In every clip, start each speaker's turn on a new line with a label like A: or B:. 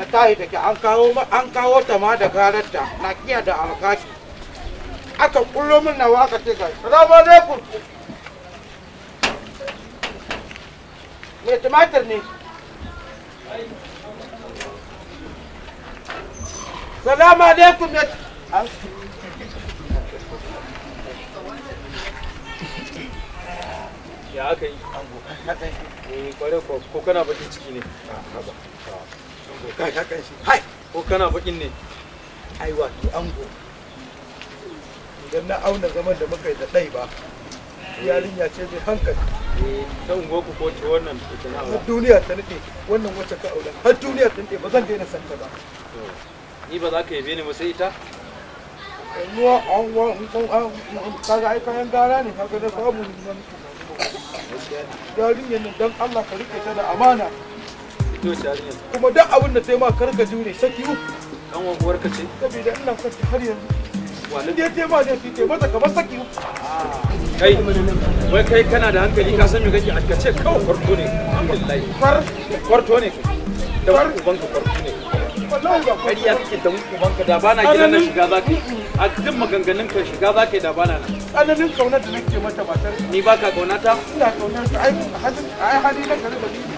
A: na tayi take an kawo an kawo ta ma da garanta na kiya da alkashi aka kullo min na waka ce ga salamu alaikum me tumatir ne salamu alaikum me
B: ya aka yi an ango eh, ko kana bakin ciki ne ah, ka sha ko kana bakin ne ai wato ango idan na auna zaman da muka yi da ɗai ba yarinya ce mai hankali eh, ta ungoku ko ce wannan duniya ta wannan wacce ka aula har duniya ta nade ba zan daina santa ba
A: ni ba za ka yi ni ba sai ita
B: ruwa an wa kaga ai kayan gara ne kaga da babu dan Allah ka rike ta da amana
A: kuma
B: duk abin da ta yi ma karka jure saki uku dan wanguwar ka ce saboda ina son ta har yanzu wani da ya ce ma zai fi mata kamar saki uku
A: kai wai kai kana da hankali ka san me kake a kace kawai kwarto ne alhamdulillah kwar kwarto ne da ubanka kwarto ne wallahi ba kwari ya kike da ubanka da bana gidan na shiga zaka a duk maganganun ka shiga zaka da bana nan tsananin kaunar da nake mata matar ni baka kaunata ina kaunar ta ai hadin na gari da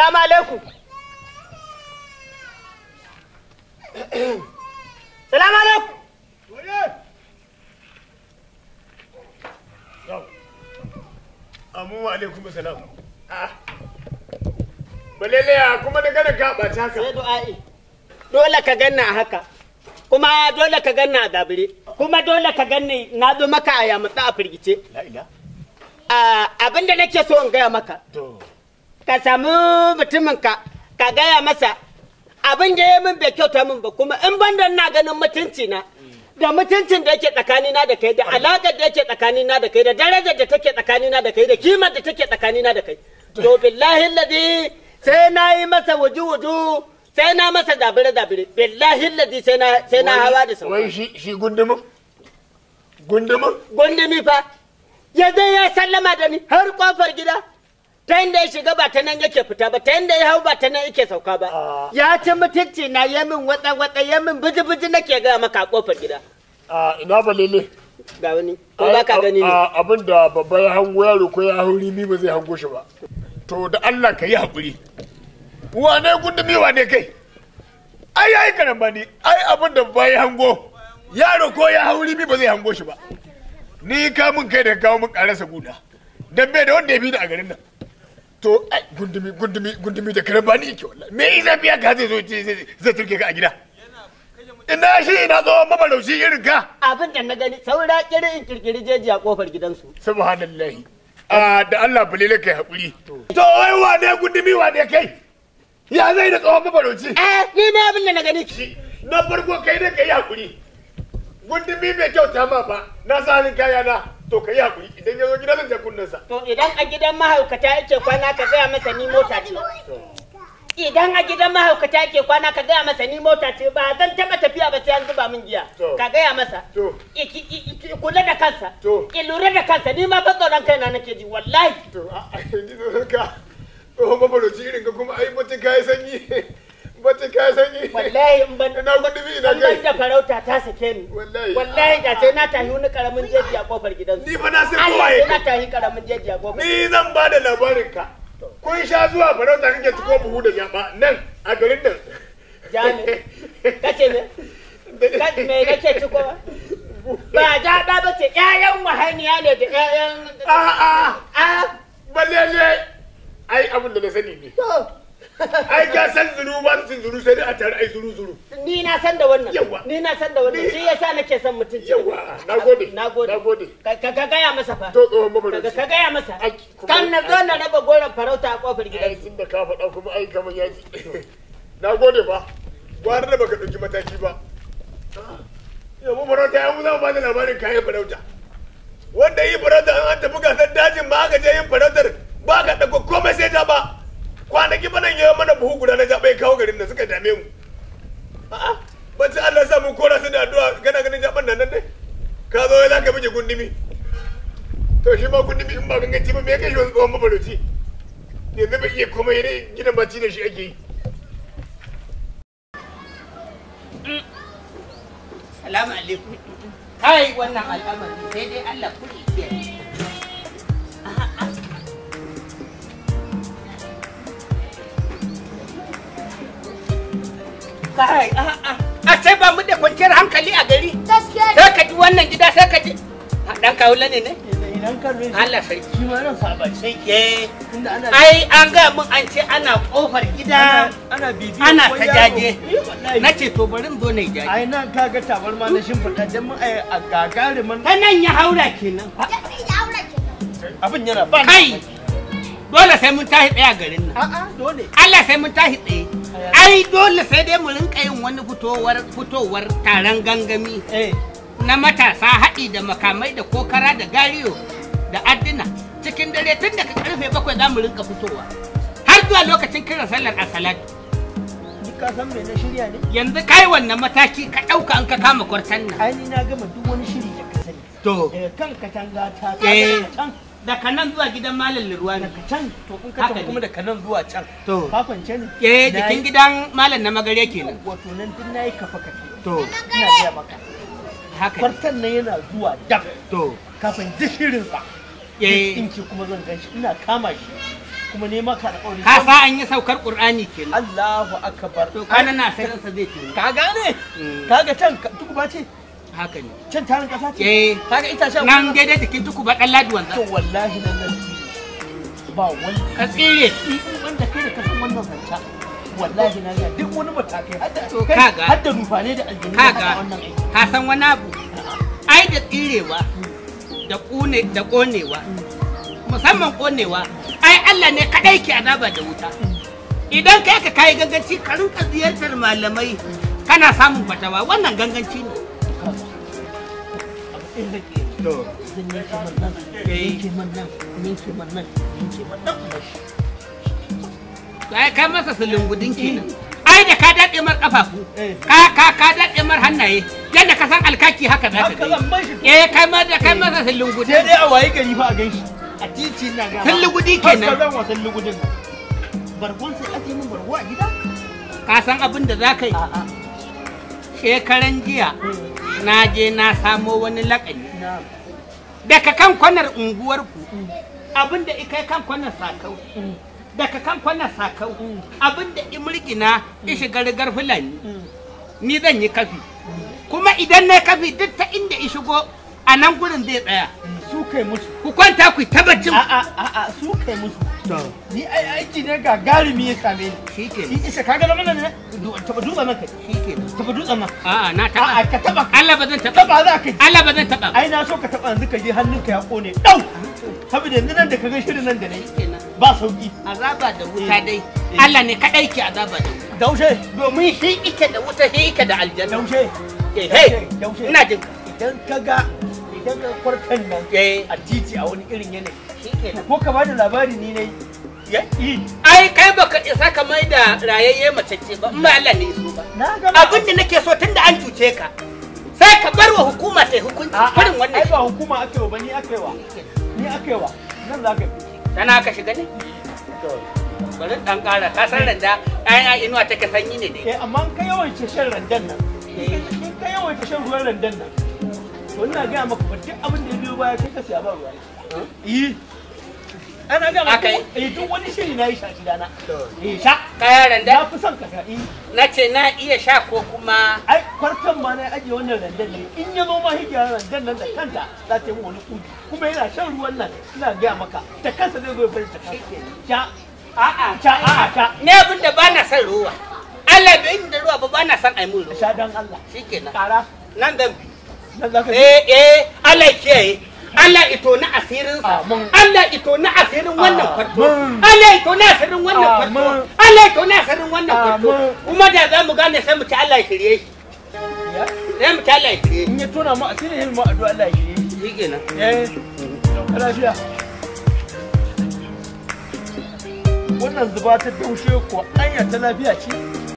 A: salamu alaikum
B: salamu alaikum amu alaikum salam ah. ya kuma da gana ka ɓata ka sai du'a'i dole ka ganna a haka
A: kuma dole ka ganna a dabire kuma dole ka ganni na zo maka a yamutsa a firgice ah, abinda nake so in gaya maka ka samu mutumin ka ka gaya masa abin da ya min bai kyauta min ba kuma in ban na ganin mutunci na da mutuncin da yake tsakanina da kai da alaƙar da yake tsakanina da kai da darajar da take tsakanina da kai da kimar da take tsakanina da kai to billahi ladi sai na yi masa wuju wuju sai na masa zabire-zabire billahi ladi sai na sai na hawa da sauka wai shi shi gundumin gundumin gundumi fa ya zai ya sallama da ni har kofar gida ta da ya shiga ba ta nan yake fita ba ta da ya hau ba ta nan yake sauka ba ah. ya ci mutunci na ya min watsa watsa ya min biji biji nake ga maka kofar gida
B: ah, ina ba lele ga wani ko ba ka eh, gani ne ah, abin da babba ya hango yaro ko ya hauri ni ba zai hango shi ba to da Allah ka yi hakuri wane gundumi wane kai ai ai karamba ne ai abin da babba ya hango yaro ko ya hauri ni ba zai hango shi ba ni ka mun kai da kawo mun karasa guda dan bai da wanda ya bi da a garin nan to ai gundumi gundumi gundumi da kare bani yake wallahi me iza biya ka zai zo zai turke ka a gida ina shi ina zo mabarauci irin ka abin da na gani saura kire in kirkiri jeji a kofar gidansu subhanallahi a da Allah bulile kai hakuri to wai wane gundumi wane kai ya zai da tsawon mabarauci eh ni ma abin da na gani shi na farko kai ne kai hakuri gundumi bai kyauta ma ba na sa halin kayana to ka yi hakuri idan ya zo nan zan ja sa. To idan a gidan mahaukata yake kwana ka gaya masa ni mota ce.
A: Idan a gidan mahaukata yake kwana ka gaya masa ni mota ce ba zan taba tafiya ba sai an zuba min giya. Ka gaya masa. To. Kula da kansa. To. Ki lura da kansa ni ma ban tsoron kaina nake ji wallahi. To a
B: ni zo ka. Tsohon mabaroci irin ka kuma ai mutun kai sanyi. Bace ka sanyi. Wallahi in ban. Ina gudu bi ina kai. da farauta ta sake ni. Wallahi. Wallahi da sai na tahi wani karamin jeji a kofar gidansu. Ni fa na kowaye. na tahi karamin jeji a kofar. Ni zan ba da labarin ka. Kun sha zuwa farauta kake tuko buhu da jaba nan a garin nan. Jami. Kace Me Ba jaɗa ba ce ƴaƴan wahaniya ne da ƴaƴan. A. Ah. Balele. Ai abin da na sani ne. ai ka san zuru ba su zuru sai dai a tare ai zuru zuru ni na san da wannan ni na
A: san da wannan shi yasa nake son mutunci yawa nagode nagode nagode ka ka gaya masa fa to tsohon mabarin ka gaya masa kan na zo
B: na raba goron farauta a kofar gidan ai da ka faɗa kuma ai kamar ya ji nagode ba gwara da baka ɗauki mataki ba yabo farauta ya mu zama ba da labarin kayan farauta wanda yi farauta an tafi gasar dajin ba aka je yin farautar ba ka ɗauko komai sai ta ba kwanaki nan ya mana buhu guda na jaɓa ya kawo garin da suka dame mu a'a bacci Allah sa mu kora su da addu'a gana ganin jaɓan nan nan ne ka zo za ka miji gundumi to shi ma gundumi in ba ganganci ba me kai shi wani tsohon mabaroci yanzu ba iya komai ne gidan bacci da shi ake yi
A: salamu alaikum kai wannan al'amari sai dai Allah kuɗi yi. a sai ba mu da kwanciyar hankali a gari sai ka ji wannan gida sai ji dan ne Allah ma ke eh. an ga mun an ce ana kofar gida ana bibiya ana ta jaje eh, ce to bari zo na shimfita dan mun ai a mun ta dole sai mun tashi tsaye a garin nan a'a dole Allah sai mun tashi tsaye ai dole sai dai mu rinka yin wani fitowar fitowar taron gangami eh. na matasa haɗi da makamai da kokara da gariyo da addina cikin dare tun daga karfe bakwai za mu rinka fitowa har zuwa lokacin kiran sallar asalatu ka san me na Yanzu kai wannan mataki ka ɗauka an ka kama kwartan nan. Ai ni na gama duk wani shiri da ka sani. To. Kan katanga ta eh. ta daga nan zuwa gidan malam lirwani daga can to in ka tafi kuma daga nan zuwa can to fafance ne eh jikin gidan malam na magare kenan wato nan din nayi kafa kafa to ina ga maka haka kwartan nan yana zuwa dab to kafin dishirin sa eh in ki kuma zan ganshi ina kama shi kuma ne maka kauri ka sa an yi saukar qur'ani kenan Allahu akbar to kana na sai sa zai ce ka gane mm. kaga can duk ba ce haka ne eh, nan daidai da kasan duk wani matakai kaga kaga ka ai tsirewa da konewa musamman konewa ai Allah ne kadai ke azaba da wuta idan kai ka kai ganganci ka rinka ziyartar malamai kana samun fatawa wannan ganganci ne rike masa sulungudin ai da ka daɗe mar ƙafafu ka ka ka daɗe mar hannaye yadda ka san alkaki haka za ka yi eh kai ma da kai masa sulungudin sai dai a waye gari fa a a titi na ga kenan ka zan wa sulungudin sai a gida ka san abin da za ka yi shekaran jiya hmm. na je na samo wani lakani daga kan kwanar unguwarku abin da ikai kan kwanar sakau daga kan kwanar sakau abin da imurgina ishi gargar fulani ni zan yi kafi kuma idan na kafi duk ta inda ishigo a nan gurin zai tsaya su kai musu ku kwanta ku tabbacin a a su kai musu ni ai aiki ne ga garimi ya same ni shike shi isa kaga na mana ne taba duba maka shike taba duba maka a'a na taba a'a ka taba Allah bazan taba taba za ka Allah ba taba ai na so ka taba yanzu ka je hannunka ya kone dau saboda yanzu nan da ka ga shirin nan da nayi ba sauki azaba da wuta eh, dai eh. Allah ne kadai ke azaba da wuta daushe domin shi ike da wuta shi ike da aljanna daushe eh ina jin idan kaga idan ka kwarkan nan eh. a titi a wani irin yanayi ko ka bada labari ni ne ya yi ai kai baka isa ka mai da rayayye macece ba ba Allah ne so ba abin da nake so tunda an cuce ka sai ka bar wa hukuma ta hukunci farin wannan ai ba hukuma ake wa ni ake wa ni ake wa nan za ka fi dana ka shiga ne bari dan kara ka san randa ayan inuwa take sanyi ne dai eh, amma kai yawan ce shan randan nan eh. kai yawan ce shan ruwan randan nan wannan ga maka duk abin da ya biyo baya kai ka siya ba ruwa eh ana ga maka eh duk wani shiri na yi sha shi dana eh sha kaya randa na fi son ka sha eh. na ce na iya sha ko kuma ai kwartan ma na ajiye wannan randan ne in ya zo ma hijiyar randan nan da kanta za ta yi wani kudi kuma yana shan ruwan nan ina ga maka ta kansa zai zo ya fara ta kansa sha a'a sha a'a sha ne abin da ba na son ruwa Allah bai yi da ruwa ba ba na son ai mun ruwa sha Allah shikenan kara nan dan eh eh Allah kiyaye Allah ito na asirinsa Allah ito na asirin wannan kwarto Allah ito na asirin wannan kwarto Allah ito na asirin wannan kwarto kuma da za mu gane sai mu ci Allah ya shirye shi sai mu ci Allah ya shirye in ya tona mu asirin yin mu addu'a Allah ya shirye shi kenan eh lafiya wannan zuba ta daushe ko anya ta lafiya ce